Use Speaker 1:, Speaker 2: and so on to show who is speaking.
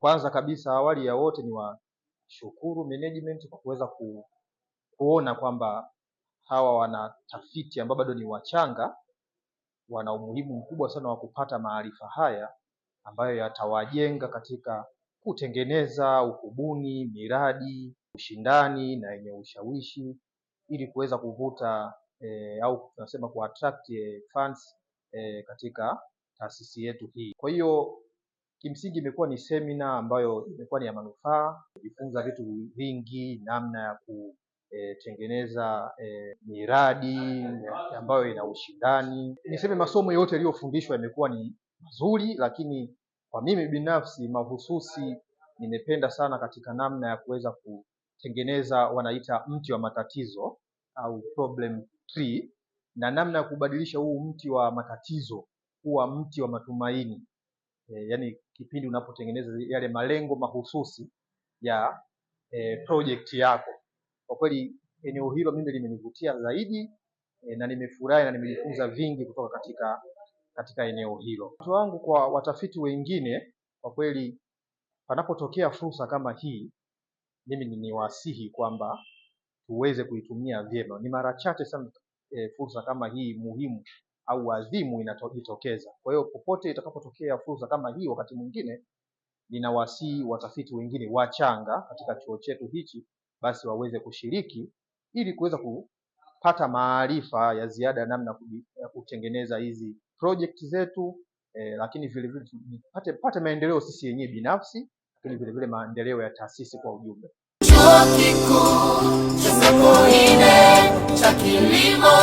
Speaker 1: Kwanza kabisa awali ya wote ni washukuru management kwa kuweza ku, kuona kwamba hawa wanatafiti ambao bado ni wachanga wana umuhimu mkubwa sana wa kupata maarifa haya ambayo yatawajenga katika kutengeneza ukubuni miradi ushindani na yenye ushawishi ili kuweza kuvuta eh, au tunasema ku attract eh, funds eh, katika taasisi yetu hii. Kwa hiyo kimsingi imekuwa ni semina ambayo imekuwa ni ya manufaa, kujifunza vitu vingi, namna ya kutengeneza eh, eh, miradi ambayo ina ushindani. Niseme masomo yote yaliyofundishwa yamekuwa ni mazuri, lakini kwa mimi binafsi mahususi nimependa sana katika namna ya kuweza kutengeneza wanaita mti wa matatizo au problem tree na namna ya kubadilisha huu mti wa matatizo kuwa mti wa matumaini e, yani kipindi unapotengeneza yale malengo mahususi ya e, project yako. Kwa kweli eneo hilo mimi limenivutia zaidi e, na nimefurahi na nimejifunza vingi kutoka katika katika eneo hilo. watu wangu kwa watafiti wengine, kwa kweli, panapotokea fursa kama hii, mimi niwasihi kwamba tuweze kuitumia vyema. Ni mara chache sana e, fursa kama hii muhimu au adhimu inajitokeza. Kwa hiyo popote itakapotokea fursa kama hii, wakati mwingine ninawasihi watafiti wengine wachanga katika chuo chetu hichi, basi waweze kushiriki ili kuweza kupata maarifa ya ziada namna ya kutengeneza hizi project zetu e, lakini vilevile pate, pate maendeleo sisi yenyewe binafsi, lakini vilevile maendeleo ya taasisi kwa ujumla. Chuo Kikuu cha Sokoine cha Kilimo.